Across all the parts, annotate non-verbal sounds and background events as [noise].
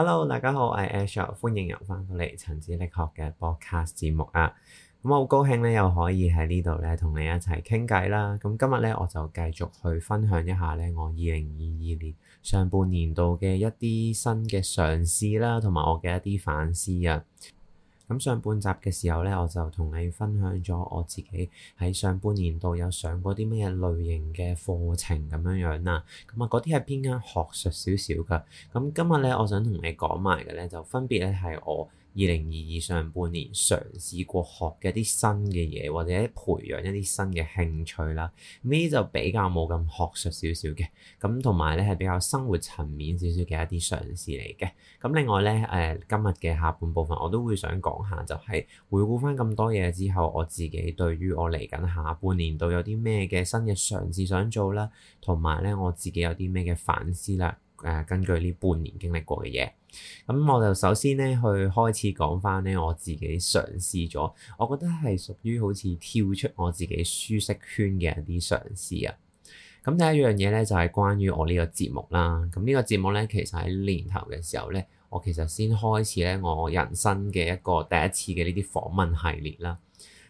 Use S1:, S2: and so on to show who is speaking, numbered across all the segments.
S1: Hello，大家好，我係 Asher，歡迎又返到嚟陳子力學嘅播客節目啊！咁我好高興咧，又可以喺呢度咧同你一齊傾偈啦。咁今日咧，我就繼續去分享一下咧我二零二二年上半年度嘅一啲新嘅嘗試啦，同埋我嘅一啲反思啊。咁上半集嘅時候咧，我就同你分享咗我自己喺上半年度有上過啲咩嘢類型嘅課程咁樣樣啦。咁啊，嗰啲係偏向學術少少㗎。咁今日咧，我想同你講埋嘅咧，就分別咧係我，二零二二上半年嘗試過學嘅一啲新嘅嘢，或者培養一啲新嘅興趣啦，呢就比較冇咁學術少少嘅，咁同埋咧係比較生活層面少少嘅一啲嘗試嚟嘅。咁另外咧，誒、呃、今日嘅下半部分我都會想講下、就係，就係回顧翻咁多嘢之後，我自己對於我嚟緊下，下半年度有啲咩嘅新嘅嘗試想做啦，同埋咧我自己有啲咩嘅反思啦。根據呢半年經歷過嘅嘢，咁我就首先咧去開始講翻咧我自己嘗試咗，我覺得係屬於好似跳出我自己舒適圈嘅一啲嘗試啊。咁第一樣嘢咧就係關於我呢個節目啦。咁呢個節目咧其實喺年頭嘅時候咧，我其實先開始咧我人生嘅一個第一次嘅呢啲訪問系列啦。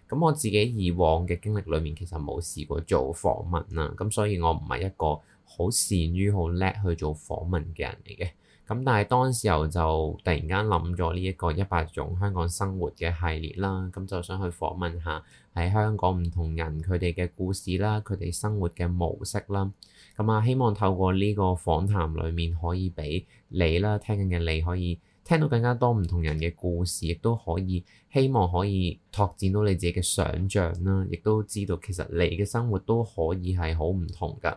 S1: 咁我自己以往嘅經歷裏面其實冇試過做訪問啦，咁所以我唔係一個好善於好叻去做訪問嘅人嚟嘅，咁但係當時候就突然間諗咗呢一個一百種香港生活嘅系列啦，咁就想去訪問下喺香港唔同人佢哋嘅故事啦，佢哋生活嘅模式啦，咁啊希望透過呢個訪談裡面可以俾你啦，聽緊嘅你可以聽到更加多唔同人嘅故事，亦都可以希望可以拓展到你自己嘅想像啦，亦都知道其實你嘅生活都可以係好唔同㗎。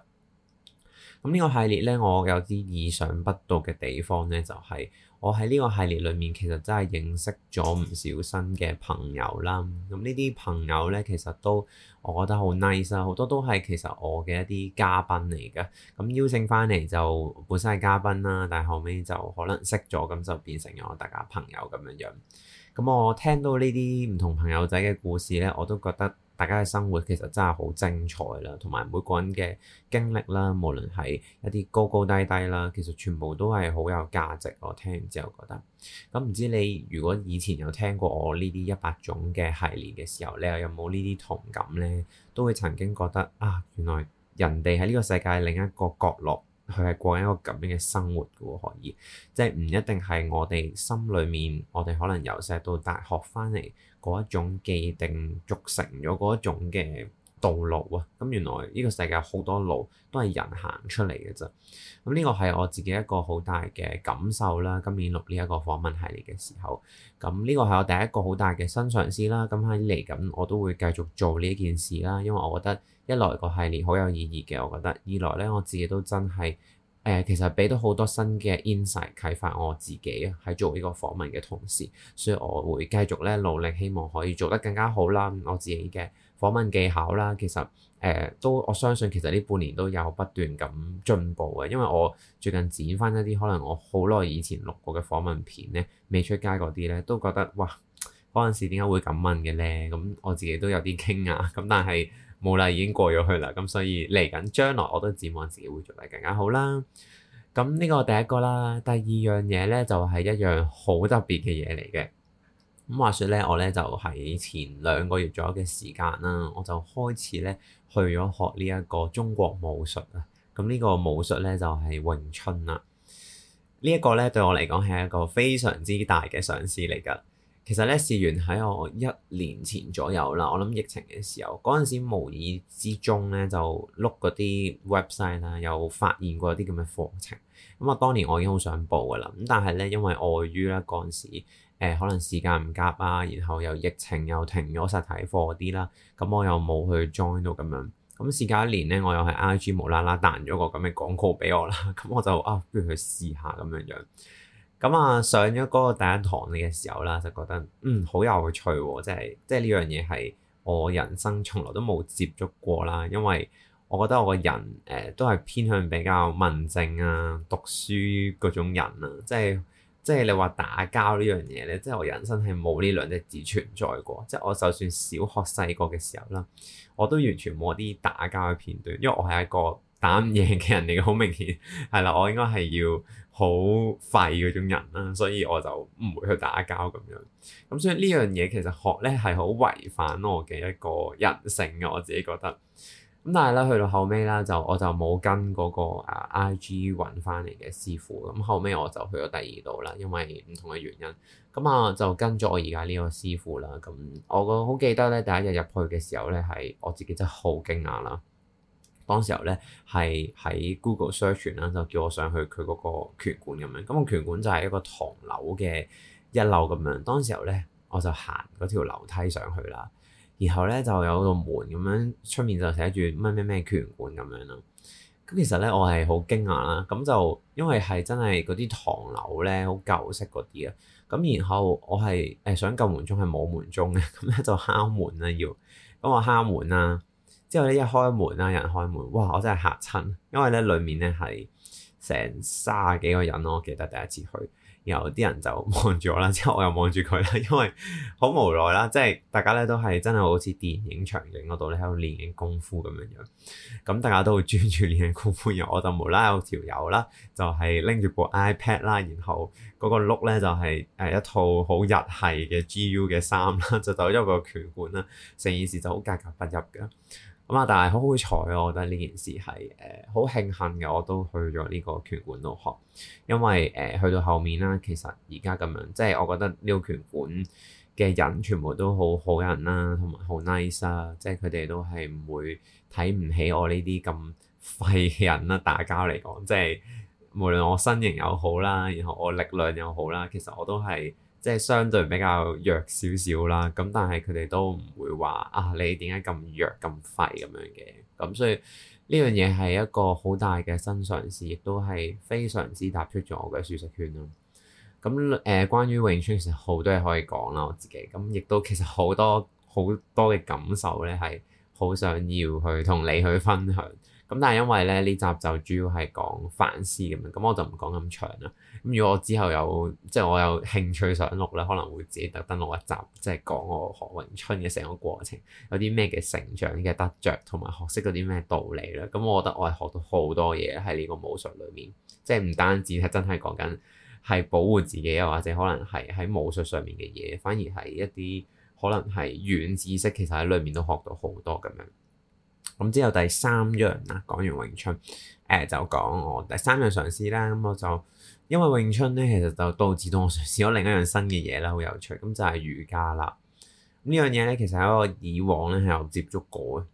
S1: 咁呢個系列咧，我有啲意想不到嘅地方咧，就係我喺呢個系列裏面，其實真係認識咗唔少新嘅朋友啦。咁呢啲朋友咧，其實都我覺得好 nice 啊，好多都係其實我嘅一啲嘉賓嚟嘅。咁邀請翻嚟就本身係嘉賓啦，但係後尾就可能識咗，咁就變成咗大家朋友咁樣樣。咁我聽到呢啲唔同朋友仔嘅故事咧，我都覺得～大家嘅生活其實真係好精彩啦，同埋每個人嘅經歷啦，無論係一啲高高低低啦，其實全部都係好有價值。我聽完之後覺得，咁唔知你如果以前有聽過我呢啲一百種嘅系列嘅時候，你又有冇呢啲同感呢？都會曾經覺得啊，原來人哋喺呢個世界另一個角落。佢係過緊一個咁樣嘅生活㗎喎，可以，即係唔一定係我哋心裏面，我哋可能由細到大學翻嚟嗰一種既定俗成咗嗰一種嘅道路啊，咁原來呢個世界好多路都係人行出嚟嘅啫。咁呢個係我自己一個好大嘅感受啦。今年錄呢一個訪問系列嘅時候，咁呢個係我第一個好大嘅新嘗試啦。咁喺嚟緊我都會繼續做呢件事啦，因為我覺得一來個系列好有意義嘅，我覺得二來呢，我自己都真係誒，其實俾到好多新嘅 insight 啟發我自己啊，喺做呢個訪問嘅同時，所以我會繼續咧努力，希望可以做得更加好啦。我自己嘅訪問技巧啦，其實誒、呃、都我相信，其實呢半年都有不斷咁進步嘅，因為我最近剪翻一啲可能我好耐以前錄過嘅訪問片咧，未出街嗰啲咧，都覺得哇，嗰陣時點解會咁問嘅咧？咁我自己都有啲驚啊！咁但係冇啦，已經過咗去啦。咁所以嚟緊將來我都指望自己會做得更加好啦。咁呢個第一個啦，第二樣嘢咧就係、是、一樣好特別嘅嘢嚟嘅。咁話説咧，我咧就係前兩個月左右嘅時間啦，我就開始咧去咗學呢一個中國武術啊。咁呢個武術咧就係、是、詠春啦。這個、呢一個咧對我嚟講係一個非常之大嘅嘗試嚟噶。其實咧事源喺我一年前左右啦，我諗疫情嘅時候，嗰陣時無意之中咧就碌嗰啲 website 啦，又發現過啲咁嘅課程。咁我當年我已經好想報噶啦。咁但係咧因為礙於咧嗰陣時。誒可能時間唔夾啊，然後又疫情又停咗實體課啲啦，咁我又冇去 join 到咁樣。咁事隔一年咧，我又係 IG 無啦啦彈咗個咁嘅廣告俾我啦，咁我就啊不如去試下咁樣樣。咁、嗯、啊上咗嗰個第一堂嘅時候啦，就覺得嗯好有趣喎、啊，即係即係呢樣嘢係我人生從來都冇接觸過啦，因為我覺得我個人誒、呃、都係偏向比較文靜啊、讀書嗰種人啊，即係。即係你話打交呢樣嘢咧，即係我人生係冇呢兩隻字存在過。即係我就算小學細個嘅時候啦，我都完全冇啲打交嘅片段，因為我係一個打唔贏嘅人嚟嘅，好明顯係啦。我應該係要好廢嗰種人啦，所以我就唔會去打交咁樣。咁所以呢樣嘢其實學咧係好違反我嘅一個人性嘅，我自己覺得。咁但係咧，去到後尾啦，就我就冇跟嗰、那個啊 IG 揾翻嚟嘅師傅，咁、嗯、後尾我就去咗第二度啦，因為唔同嘅原因，咁、嗯、啊就跟咗我而家呢個師傅啦，咁、嗯、我個好記得咧，第一日入去嘅時候咧，係我自己真係好驚訝啦，當時候咧係喺 Google search 啦，就叫我上去佢嗰個拳館咁樣，咁、嗯、個拳館就係一個唐樓嘅一樓咁樣，當時候咧我就行嗰條樓梯上去啦。然後咧就有個門咁樣，出面就寫住咩咩咩拳館咁樣咯。咁其實咧我係好驚訝啦。咁就因為係真係嗰啲唐樓咧，好舊式嗰啲啊。咁然後我係誒想撳門鐘，係冇門鐘嘅，咁咧就敲門啦要。咁我敲門啦，之後咧一開門啦，有人開門，哇！我真係嚇親，因為咧裡面咧係成卅幾個人咯，我記得第一次去。有啲人就望住我啦，之後我又望住佢啦，因為好無奈啦，即係大家咧都係真係好似電影場景嗰度咧喺度練嘅功夫咁樣樣，咁大家都好專注練嘅功夫，然後我就無啦啦有條友啦，就係、是、拎住部 iPad 啦，然後嗰個 look 咧就係誒一套好日系嘅 GU 嘅衫啦，就走咗個拳館啦，成件事就好格格不入嘅。咁啊、嗯！但係好好彩，我覺得呢件事係誒好慶幸嘅。我都去咗呢個拳館度學，因為誒、呃、去到後面啦，其實而家咁樣，即係我覺得呢個拳館嘅人全部都好好人啦、啊，同埋好 nice 啦、啊。即係佢哋都係唔會睇唔起我呢啲咁廢人啦、啊。打交嚟講，即係無論我身形又好啦，然後我力量又好啦，其實我都係。即係相對比較弱少少啦，咁但係佢哋都唔會話啊，你點解咁弱咁廢咁樣嘅？咁所以呢樣嘢係一個好大嘅新嘗試，亦都係非常之踏出咗我嘅舒適圈咯。咁誒、呃，關於詠春其實好多嘢可以講啦，我自己咁亦都其實好多好多嘅感受咧，係好想要去同你去分享。咁但係因為咧呢集就主要係講反思咁樣，咁我就唔講咁長啦。咁如果我之後有即係我有興趣想錄咧，可能會自己特登錄一集，即係講我學詠春嘅成個過程，有啲咩嘅成長嘅得着，同埋學識到啲咩道理啦。咁我覺得我係學到好多嘢喺呢個武術裏面，即係唔單止係真係講緊係保護自己啊，或者可能係喺武術上面嘅嘢，反而係一啲可能係軟知識，其實喺裏面都學到好多咁樣。咁之後第三樣啦，講完詠春，誒、呃、就講我第三樣嘗試啦。咁、嗯、我就因為詠春咧，其實就導致到我嘗試咗另一樣新嘅嘢啦，好有趣。咁、嗯、就係、是、瑜伽啦。咁、嗯、呢樣嘢咧，其實喺我以往咧係有接觸過嘅。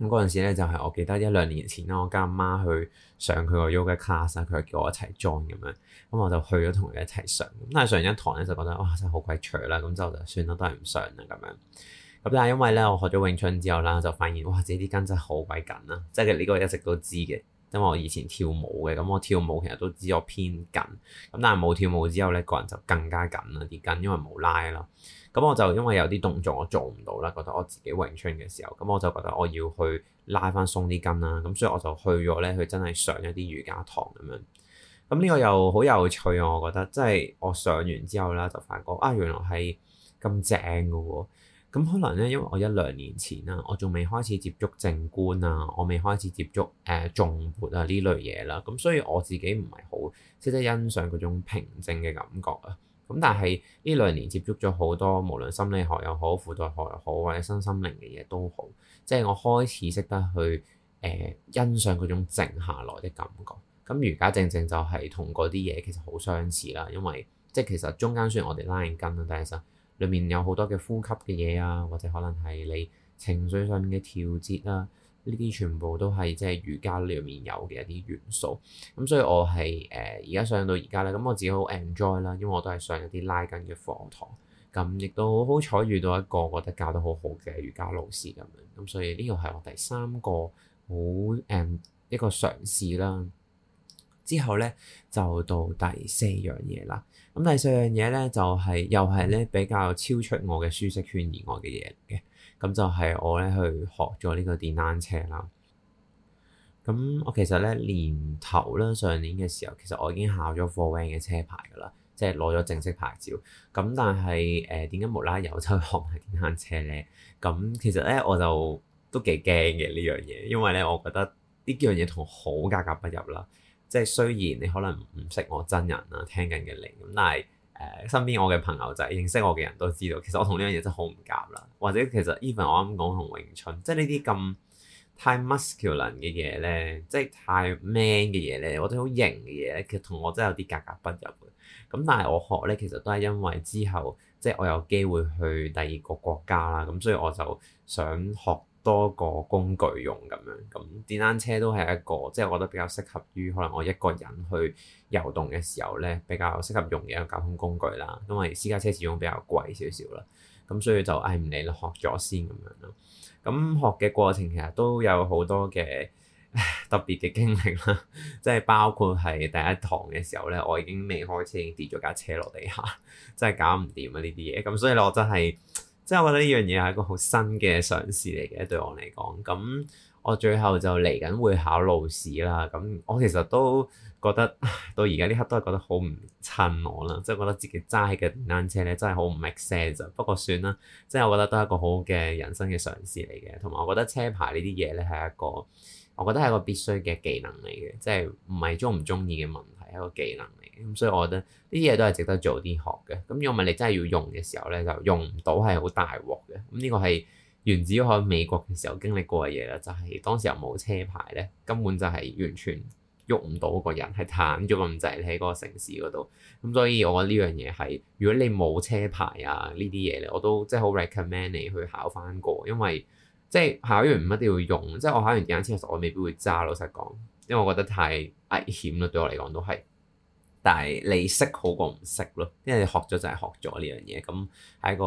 S1: 咁嗰陣時咧，就係、是、我記得一兩年前啦，我家阿媽去上佢個 yoga class，佢又叫我一齊 join 咁樣，咁我就去咗同佢一齊上。咁但係上完一堂咧，就覺得哇真係好鬼趣啦，咁就就算啦，都係唔上啦咁樣。咁但係因為咧，我學咗詠春之後啦，就發現哇，自己啲筋真係好鬼緊啦！即係呢個一直都知嘅，因為我以前跳舞嘅，咁我跳舞其實都知我偏緊。咁但係冇跳舞之後咧，個人就更加緊啦啲筋，因為冇拉啦。咁我就因為有啲動作我做唔到啦，覺得我自己詠春嘅時候，咁我就覺得我要去拉返鬆啲筋啦。咁所以我就去咗咧佢真係上一啲瑜伽堂咁樣。咁呢個又好有趣啊！我覺得，即係我上完之後啦，就發覺啊，原來係咁正噶喎！咁可能咧，因為我一兩年前啊，我仲未開始接觸靜觀啊，我未開始接觸誒頌、呃、缽啊呢類嘢啦、啊，咁所以我自己唔係好識得欣賞嗰種平靜嘅感覺啊。咁但係呢兩年接觸咗好多，無論心理學又好，輔導學又好，或者身心靈嘅嘢都好，即、就、係、是、我開始識得去誒、呃、欣賞嗰種靜下來的感覺。咁瑜伽正正就係同嗰啲嘢其實好相似啦、啊，因為即係其實中間雖然我哋拉緊筋啦，但係實，裏面有好多嘅呼吸嘅嘢啊，或者可能係你情緒上面嘅調節啊，呢啲全部都係即係瑜伽裏面有嘅一啲元素。咁所以我，我係誒而家上到而家啦，咁我自己好 enjoy 啦，因為我都係上一啲拉筋嘅課堂。咁亦都好好彩遇到一個覺得教得，得好好嘅瑜伽老師咁樣。咁所以呢個係我第三個好誒、嗯、一個嘗試啦。之後咧就到第四樣嘢啦。咁第四樣嘢咧，就係、是、又係咧比較超出我嘅舒適圈以外嘅嘢嘅，咁就係我咧去學咗呢個電單車啦。咁我其實咧年頭啦，上年嘅時候，其實我已經考咗貨 Van 嘅車牌噶啦，即係攞咗正式牌照。咁但係誒點解無啦有走去學埋電單車咧？咁其實咧我就都幾驚嘅呢樣嘢，因為咧我覺得呢幾樣嘢同我好格格不入啦。即係雖然你可能唔識我真人啦、啊，聽緊嘅你咁，但係誒、呃、身邊我嘅朋友就係認識我嘅人都知道，其實我同呢樣嘢真係好唔夾啦。或者其實 even 我啱講同詠春，即係呢啲咁太 muscular 嘅嘢咧，即係太 man 嘅嘢咧，或者好型嘅嘢咧，其實同我真係有啲格格不入嘅。咁但係我學咧，其實都係因為之後即係我有機會去第二個國家啦，咁所以我就想學。多個工具用咁樣，咁電單車都係一個，即係我覺得比較適合於可能我一個人去遊動嘅時候咧，比較適合用嘅一個交通工具啦。因為私家車始終比較貴少少啦，咁所以就唉唔理啦，學咗先咁樣咯。咁學嘅過程其實都有好多嘅特別嘅經歷啦，即係包括係第一堂嘅時候咧，我已經未開車已經跌咗架車落地下，真係搞唔掂啊，呢啲嘢，咁所以咧我真係～即係我覺得呢樣嘢係一個好新嘅嘗試嚟嘅，對我嚟講。咁我最後就嚟緊會考路試啦。咁我其實都覺得到而家呢刻都係覺得好唔襯我啦。即係覺得自己揸嘅電單車咧，真係好唔 make sense。不過算啦。即係我覺得都係一個好嘅人生嘅嘗試嚟嘅。同埋我覺得車牌呢啲嘢咧係一個，我覺得係一個必須嘅技能嚟嘅。即係唔係中唔中意嘅問題，一個技能。咁、嗯、所以，我覺得呢啲嘢都係值得做啲學嘅。咁如果唔係你真係要用嘅時候咧，就用唔到係好大鑊嘅。咁、嗯、呢、這個係源自去美國嘅時候經歷過嘅嘢啦，就係、是、當時又冇車牌咧，根本就係完全喐唔到個人，係攤咗咁滯喺嗰個城市嗰度。咁、嗯、所以我覺得呢樣嘢係如果你冇車牌啊呢啲嘢咧，我都即係好 recommend 你去考翻個，因為即係考完唔一定要用。即係我考完電單車，其實我未必會揸，老實講，因為我覺得太危險啦，對我嚟講都係。但係你識好過唔識咯，因為你學咗就係學咗呢樣嘢，咁係一個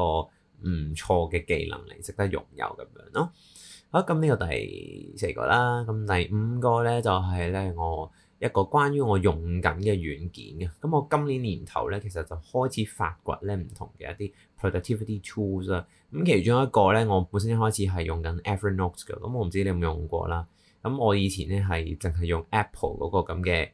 S1: 唔錯嘅技能嚟，值得擁有咁樣咯。好，咁呢個第四個啦，咁第五個咧就係、是、咧我一個關於我用緊嘅軟件嘅。咁我今年年頭咧，其實就開始發掘咧唔同嘅一啲 productivity tools 啦、啊。咁其中一個咧，我本身一開始係用緊 Evernote 嘅。咁我唔知你有冇用過啦。咁我以前咧係淨係用 Apple 嗰個咁嘅。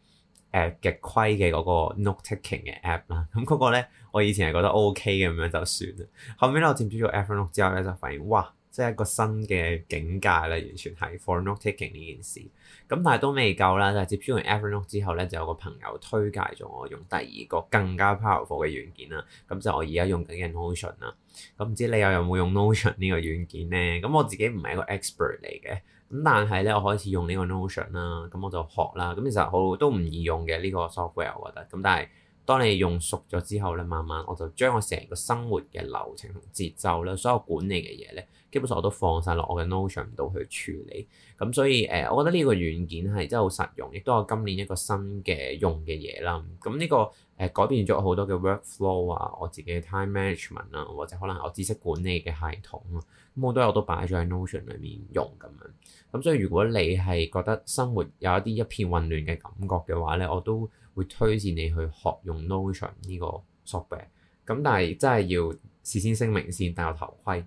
S1: 誒記規嘅嗰個 note-taking 嘅 app 啦，咁嗰個呢我以前係覺得 OK 咁樣就算啦。後面我接觸咗 Evernote 之後呢，就發現哇，即係一個新嘅境界啦，完全係 for note-taking 呢件事。咁但係都未夠啦，就係接觸完 Evernote 之後呢，就有個朋友推介咗我用第二個更加 powerful 嘅軟件啦。咁就我而家用緊嘅 Notion 啦。咁唔知你又有冇用 Notion 呢個軟件呢？咁我自己唔係一個 expert 嚟嘅。但係咧，我開始用呢個 Notion 啦，咁我就學啦，咁其實好都唔易用嘅呢個 software，我覺得。咁但係當你用熟咗之後咧，慢慢我就將我成個生活嘅流程同節奏咧，所有管理嘅嘢咧，基本上我都放晒落我嘅 Notion 度去處理，咁所以誒、呃，我覺得呢個軟件係真係好實用，亦都有今年一個新嘅用嘅嘢啦。咁呢、呢個誒、呃、改變咗好多嘅 workflow 啊，我自己嘅 time management 啊，或者可能我知識管理嘅系統啊，咁好多嘢我都我都擺咗喺 Notion 裏面用咁樣。咁所以如果你係覺得生活有一啲一片混亂嘅感覺嘅話咧，我都會推薦你去學用 Notion 呢個 software。咁但係真係要事先聲明先戴頭盔。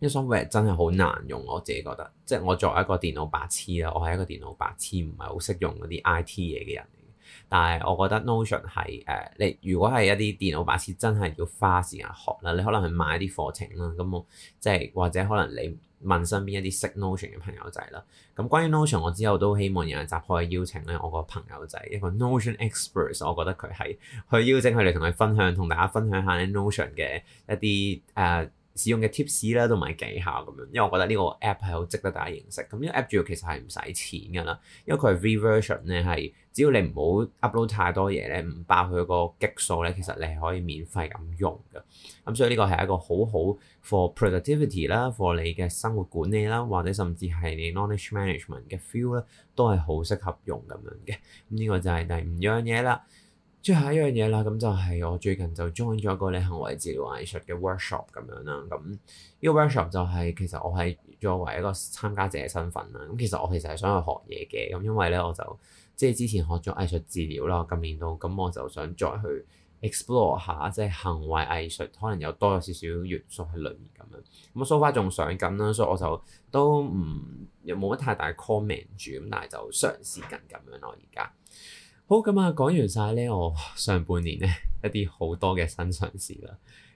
S1: 一 software 真係好難用，我自己覺得，即係我作為一個電腦白痴啦，我係一個電腦白痴，唔係好識用嗰啲 IT 嘢嘅人嚟嘅。但係我覺得 Notion 係誒、呃，你如果係一啲電腦白痴，真係要花時間學啦，你可能去買啲課程啦，咁我即係或者可能你問身邊一啲識 Notion 嘅朋友仔啦。咁關於 Notion，我之後都希望有人集開邀請咧，我個朋友仔一個 Notion expert，我覺得佢係去邀請佢嚟同佢分享，同大家分享下 Notion 嘅一啲誒。呃使用嘅 tips 都唔埋技下咁樣，因為我覺得呢個 app 係好值得大家認識。咁呢個 app 主要其實係唔使錢㗎啦，因為佢係 r e version 咧，係只要你唔好 upload 太多嘢咧，唔爆佢個激數咧，其實你係可以免費咁用㗎。咁所以呢個係一個好好 for productivity 啦，for 你嘅生活管理啦，或者甚至係你 knowledge management 嘅 feel 咧，都係好適合用咁樣嘅。咁呢個就係第五樣嘢啦。最後一樣嘢啦，咁就係我最近就 join 咗一個行為治療藝術嘅 workshop 咁樣啦。咁呢個 workshop 就係，其實我係作為一個參加者嘅身份啦。咁其實我其實係想去學嘢嘅。咁因為咧，我就即係之前學咗藝術治療啦，咁年度咁，我就想再去 explore 下即係行為藝術，可能有多咗少少元素喺裏面咁樣。咁 so far 仲想緊啦，所以我就都唔有冇乜太大 comment 住，咁但係就嘗試緊咁樣咯而家。好咁啊，講完晒咧，我上半年咧一啲好多嘅新嘗試啦，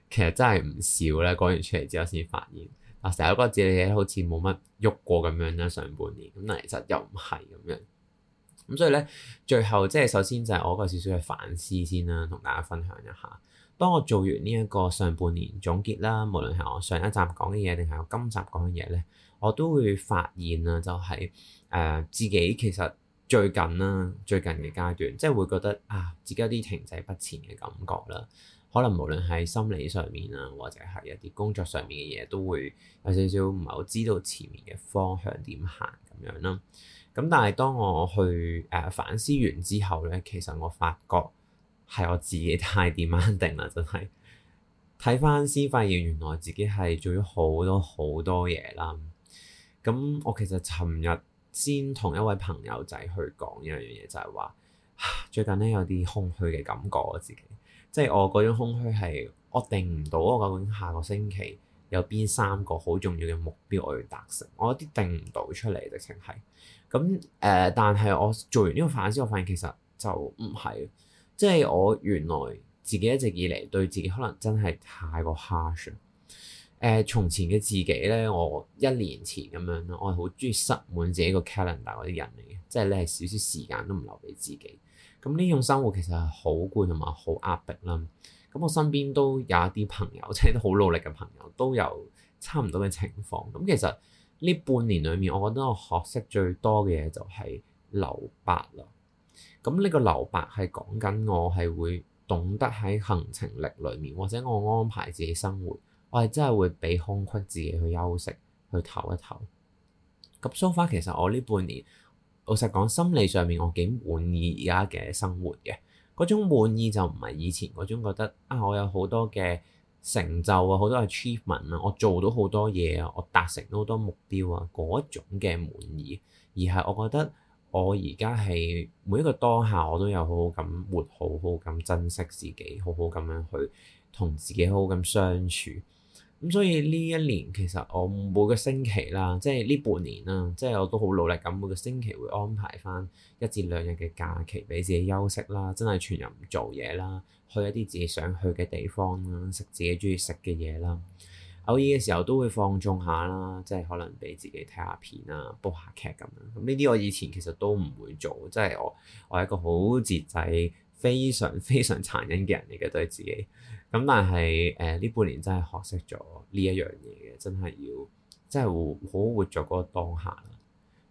S1: 其實真係唔少咧。講完出嚟之後先發現，啊成日覺得自己好似冇乜喐過咁樣啦，上半年咁，其實又唔係咁樣。咁所以咧，最後即係首先就係我個少少嘅反思先啦，同大家分享一下。當我做完呢一個上半年總結啦，無論係我上一集講嘅嘢，定係我今集講嘅嘢咧，我都會發現啊、就係，就係誒自己其實。最近啦，最近嘅階段，即係會覺得啊，自己有啲停滯不前嘅感覺啦。可能無論係心理上面啊，或者係一啲工作上面嘅嘢，都會有少少唔係好知道前面嘅方向點行咁樣啦。咁但係當我去誒、啊、反思完之後咧，其實我發覺係我自己太定硬定啦，真係睇返先發現原來自己係做咗好多好多嘢啦。咁我其實尋日。先同一位朋友仔去講一樣嘢，就係話最近咧，有啲空虛嘅感覺，我自己，即係我嗰種空虛係我定唔到，我究竟下個星期有邊三個好重要嘅目標我要達成，我有啲定唔到出嚟，直情係。咁誒、呃，但係我做完呢個反思，我發現其實就唔係，即係我原來自己一直以嚟對自己可能真係太過 harsh 誒、呃、從前嘅自己咧，我一年前咁樣咯，我係好中意塞滿自己個 calendar 嗰啲人嚟嘅，即係咧少少時間都唔留俾自己。咁呢種生活其實係好攰同埋好壓迫啦。咁我身邊都有一啲朋友，即係都好努力嘅朋友，都有差唔多嘅情況。咁其實呢半年裏面，我覺得我學識最多嘅嘢就係留白啦。咁呢個留白係講緊我係會懂得喺行程力裏面，或者我安排自己生活。我係真係會俾空隙自己去休息，去唞一唞。咁 so far 其實我呢半年，老實講心理上面我幾滿意而家嘅生活嘅。嗰種滿意就唔係以前嗰種覺得啊，我有好多嘅成就啊，好多 achievement 啊，我做到好多嘢啊，我達成好多目標啊嗰一種嘅滿意，而係我覺得我而家係每一個當下我都有好好咁活好好，好好咁珍惜自己，好好咁樣去同自己好好咁相處。咁、嗯、所以呢一年其實我每個星期啦，即係呢半年啦，即係我都好努力咁每個星期會安排返一至兩日嘅假期俾自己休息啦，真係全日唔做嘢啦，去一啲自己想去嘅地方啦，食自己中意食嘅嘢啦。偶爾嘅時候都會放縱下啦，即係可能俾自己睇下片啦、煲下劇咁樣。咁呢啲我以前其實都唔會做，即係我我係一個好節制、非常非常殘忍嘅人嚟嘅對自己。咁、嗯、但係誒呢半年真係學識咗呢一樣嘢嘅，真係要真係好好活在嗰個當下啦，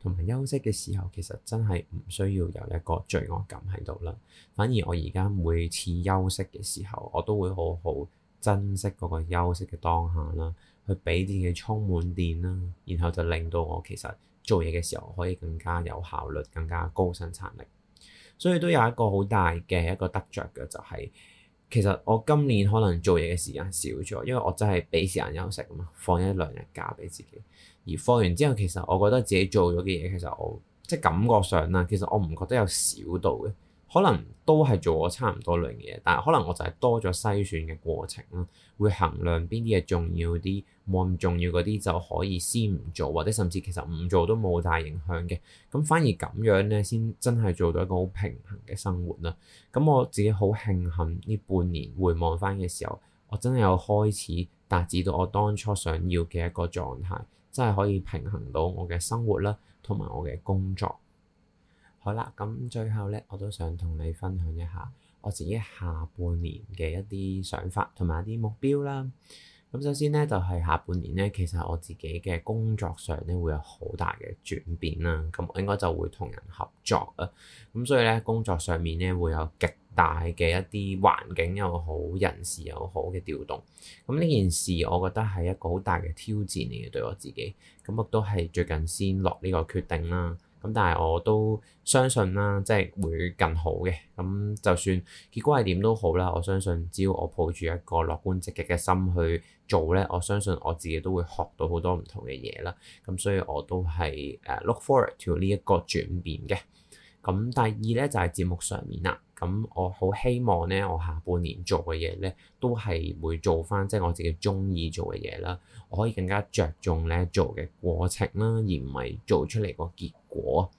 S1: 同埋休息嘅時候其實真係唔需要有一個罪惡感喺度啦，反而我而家每次休息嘅時候我都會好好珍惜嗰個休息嘅當下啦，去俾自己充滿電啦，然後就令到我其實做嘢嘅時候可以更加有效率，更加高生產力，所以都有一個好大嘅一個得着嘅就係、是。其實我今年可能做嘢嘅時間少咗，因為我真係畀時間休息嘛，放一兩日假畀自己。而放完之後，其實我覺得自己做咗嘅嘢，其實我即係感覺上啦，其實我唔覺得有少到嘅。可能都係做咗差唔多類嘅嘢，但係可能我就係多咗篩選嘅過程啦，會衡量邊啲嘢重要啲，冇咁重要嗰啲就可以先唔做，或者甚至其實唔做都冇大影響嘅。咁反而咁樣咧，先真係做到一個好平衡嘅生活啦。咁我自己好慶幸呢半年回望返嘅時候，我真係有開始達至到我當初想要嘅一個狀態，真係可以平衡到我嘅生活啦，同埋我嘅工作。好啦，咁最後咧，我都想同你分享一下我自己下半年嘅一啲想法同埋一啲目標啦。咁首先咧，就係下半年咧，其實我自己嘅工作上咧會有好大嘅轉變啦。咁我應該就會同人合作啊。咁所以咧，工作上面咧會有極大嘅一啲環境又好、人事又好嘅調動。咁呢件事我覺得係一個好大嘅挑戰嚟嘅對我自己。咁我都係最近先落呢個決定啦。咁但係我都相信啦，即係會更好嘅。咁就算結果係點都好啦，我相信只要我抱住一個樂觀積極嘅心去做咧，我相信我自己都會學到好多唔同嘅嘢啦。咁所以我都係誒、uh, look forward to 呢一個轉變嘅。咁第二咧就係、是、節目上面啦。咁、嗯、我好希望咧，我下半年做嘅嘢咧，都係會做翻即係我自己中意做嘅嘢啦。我可以更加着重咧做嘅過程啦，而唔係做出嚟個結果。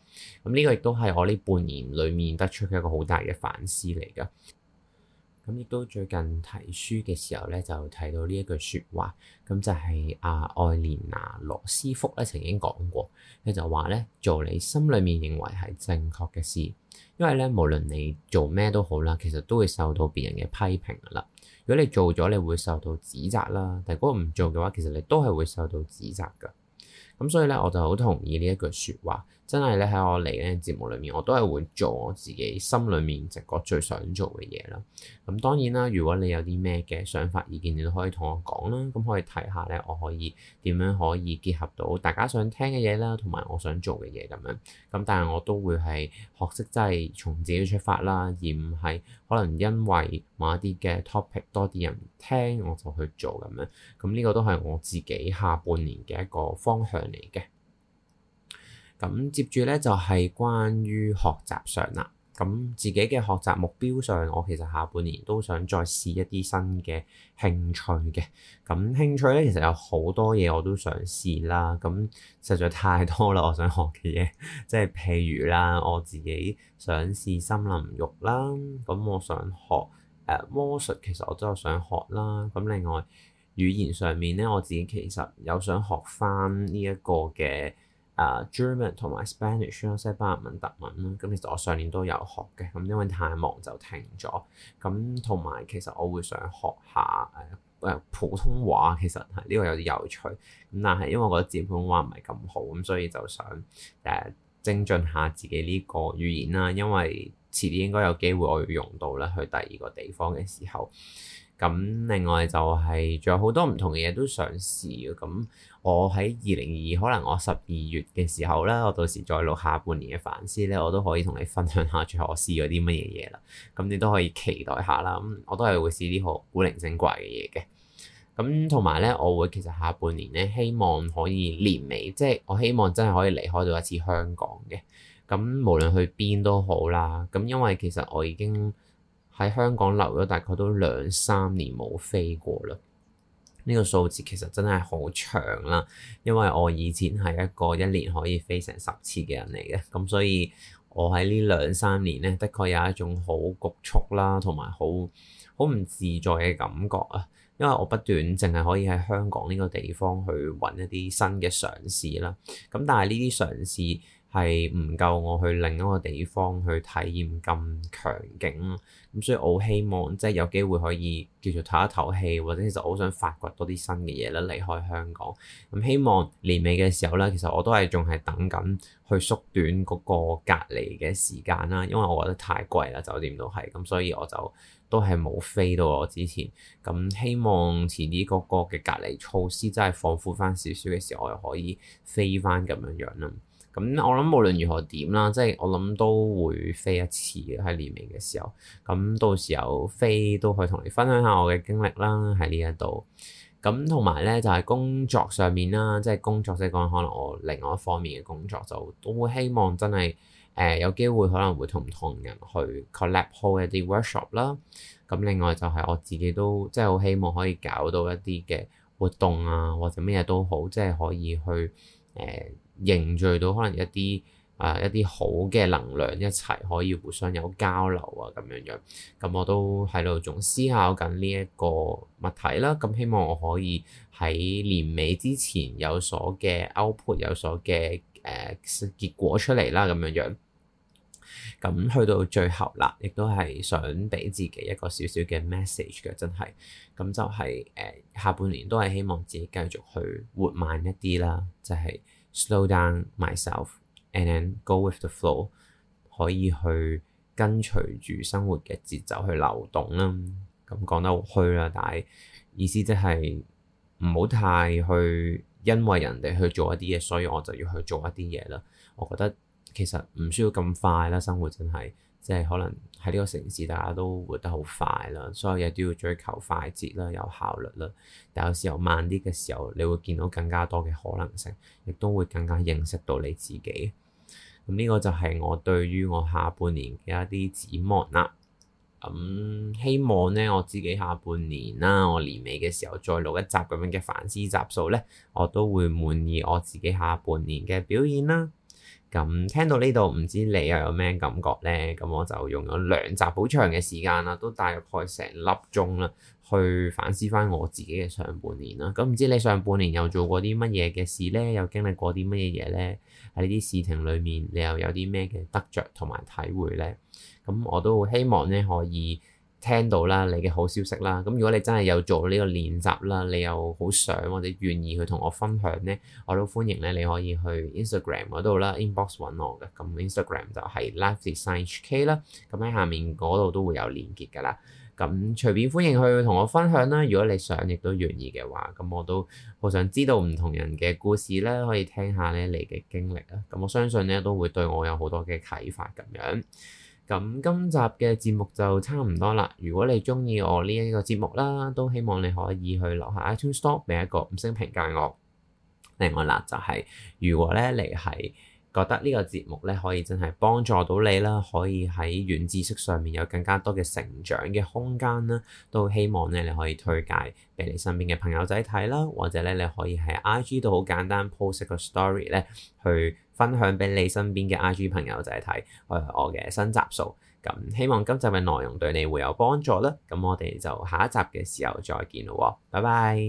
S1: 咁、嗯、呢、呢個亦都係我呢半年裏面得出嘅一個好大嘅反思嚟噶。咁、嗯、亦都最近睇書嘅時候咧，就睇到呢一句説話，咁就係阿愛蓮娜羅斯福咧曾經講過，佢就話咧做你心裏面認為係正確嘅事。因為咧，無論你做咩都好啦，其實都會受到別人嘅批評㗎啦。如果你做咗，你會受到指責啦，但係如果唔做嘅話，其實你都係會受到指責㗎。咁所以咧，我就好同意呢一句說話。真係咧，喺我嚟咧節目裏面，我都係會做我自己心裏面直覺最想做嘅嘢啦。咁當然啦，如果你有啲咩嘅想法意見，你都可以同我講啦。咁可以睇下咧，我可以點樣可以結合到大家想聽嘅嘢啦，同埋我想做嘅嘢咁樣。咁但係我都會係學識真係從自己出發啦，而唔係可能因為某一啲嘅 topic 多啲人聽我就去做咁樣。咁呢個都係我自己下半年嘅一個方向嚟嘅。咁接住咧就係關於學習上啦，咁自己嘅學習目標上，我其實下半年都想再試一啲新嘅興趣嘅。咁興趣咧其實有好多嘢我都想試啦，咁實在太多啦，我想學嘅嘢，即 [laughs] 係譬如啦，我自己想試森林浴啦，咁我想學誒魔術，其實我都係想學啦。咁另外語言上面咧，我自己其實有想學翻呢一個嘅。誒 German 同埋 Spanish 西班牙文、德文啦，咁其實我上年都有學嘅，咁因為太忙就停咗。咁同埋其實我會想學下誒普通話，其實係呢個有啲有趣。咁但係因為我覺得普通話唔係咁好，咁所以就想誒精進下自己呢個語言啦。因為遲啲應該有機會我要用到啦，去第二個地方嘅時候。咁另外就係仲有好多唔同嘅嘢都想試嘅咁。我喺二零二二，可能我十二月嘅時候咧，我到時再錄下半年嘅反思咧，我都可以同你分享下，最後我試咗啲乜嘢嘢啦。咁你都可以期待下啦。咁我都係會試啲好古靈精怪嘅嘢嘅。咁同埋咧，我會其實下半年咧，希望可以年尾，即係我希望真係可以離開到一次香港嘅。咁無論去邊都好啦。咁因為其實我已經喺香港留咗大概都兩三年冇飛過啦。呢個數字其實真係好長啦，因為我以前係一個一年可以飛成十次嘅人嚟嘅，咁所以我喺呢兩三年呢，的確有一種好局促啦，同埋好好唔自在嘅感覺啊，因為我不斷淨係可以喺香港呢個地方去揾一啲新嘅嘗試啦，咁但係呢啲嘗試，係唔夠，我去另一個地方去體驗咁強勁，咁所以，我希望即係、就是、有機會可以繼續唞一唞氣，或者其實我好想發掘多啲新嘅嘢咧。離開香港咁，希望年尾嘅時候咧，其實我都係仲係等緊去縮短嗰個隔離嘅時間啦，因為我覺得太貴啦，酒店都係咁，所以我就都係冇飛到我之前。咁希望遲啲，嗰個嘅隔離措施真係放寬翻少少嘅時候，我又可以飛翻咁樣樣啦。咁我諗無論如何點啦，即係我諗都會飛一次喺年尾嘅時候。咁到時候飛都可以同你分享下我嘅經歷啦，喺呢一度。咁同埋咧就係工作上面啦，即係工作即係講可能我另外一方面嘅工作就都會希望真係誒有機會可能會同唔同人去 collab e 開一啲 workshop 啦。咁另外就係我自己都即係好希望可以搞到一啲嘅活動啊，或者咩嘢都好，即係可以去誒。呃凝聚到可能一啲誒、呃、一啲好嘅能量一齊可以互相有交流啊，咁樣樣咁我都喺度仲思考緊呢一個物體啦。咁希望我可以喺年尾之前有所嘅 output，有所嘅誒、呃、結果出嚟啦，咁樣樣。咁去到最後啦，亦都係想俾自己一個少少嘅 message 嘅，真係咁就係、是、誒、呃、下半年都係希望自己繼續去活慢一啲啦，就係、是。Slow down myself and then go with the flow，可以去跟隨住生活嘅節奏去流動啦。咁、嗯、講得好虛啦，但係意思即係唔好太去因為人哋去做一啲嘢，所以我就要去做一啲嘢啦。我覺得其實唔需要咁快啦，生活真係，即係可能。喺呢個城市，大家都活得好快啦，所有嘢都要追求快捷啦，有效率啦。但有時候慢啲嘅時候，你會見到更加多嘅可能性，亦都會更加認識到你自己。咁呢個就係我對於我下半年嘅一啲展望啦。咁、嗯、希望呢，我自己下半年啦，我年尾嘅時候再錄一集咁樣嘅反思集數呢，我都會滿意我自己下半年嘅表現啦。咁聽到呢度，唔知你又有咩感覺呢？咁我就用咗兩集好長嘅時間啦，都大概成粒鐘啦，去反思翻我自己嘅上半年啦。咁唔知你上半年又做過啲乜嘢嘅事呢？又經歷過啲乜嘢嘢呢？喺呢啲事情裡面，你又有啲咩嘅得着同埋體會呢？咁我都希望呢可以。聽到啦，你嘅好消息啦，咁如果你真係有做呢個練習啦，你又好想或者願意去同我分享呢，我都歡迎咧，你可以去 Instagram 嗰度啦，inbox 揾我嘅，咁 Instagram 就係 Life Design HK 啦，咁喺下面嗰度都會有連結噶啦，咁隨便歡迎去同我分享啦，如果你想亦都願意嘅話，咁我都好想知道唔同人嘅故事啦，可以聽下咧你嘅經歷啊，咁我相信咧都會對我有好多嘅啟發咁樣。咁今集嘅節目就差唔多啦，如果你中意我呢一個節目啦，都希望你可以去留下 iTunes Store 俾一個五星評價我。另外啦，就係、是、如果咧你係覺得呢個節目咧可以真係幫助到你啦，可以喺軟知識上面有更加多嘅成長嘅空間啦，都希望咧你可以推介俾你身邊嘅朋友仔睇啦，或者咧你可以喺 IG 度好簡單 post 一個 story 咧去。分享俾你身邊嘅 I.G 朋友仔睇，誒我嘅新集數，咁希望今集嘅內容對你會有幫助啦。咁我哋就下一集嘅時候再見咯，拜拜。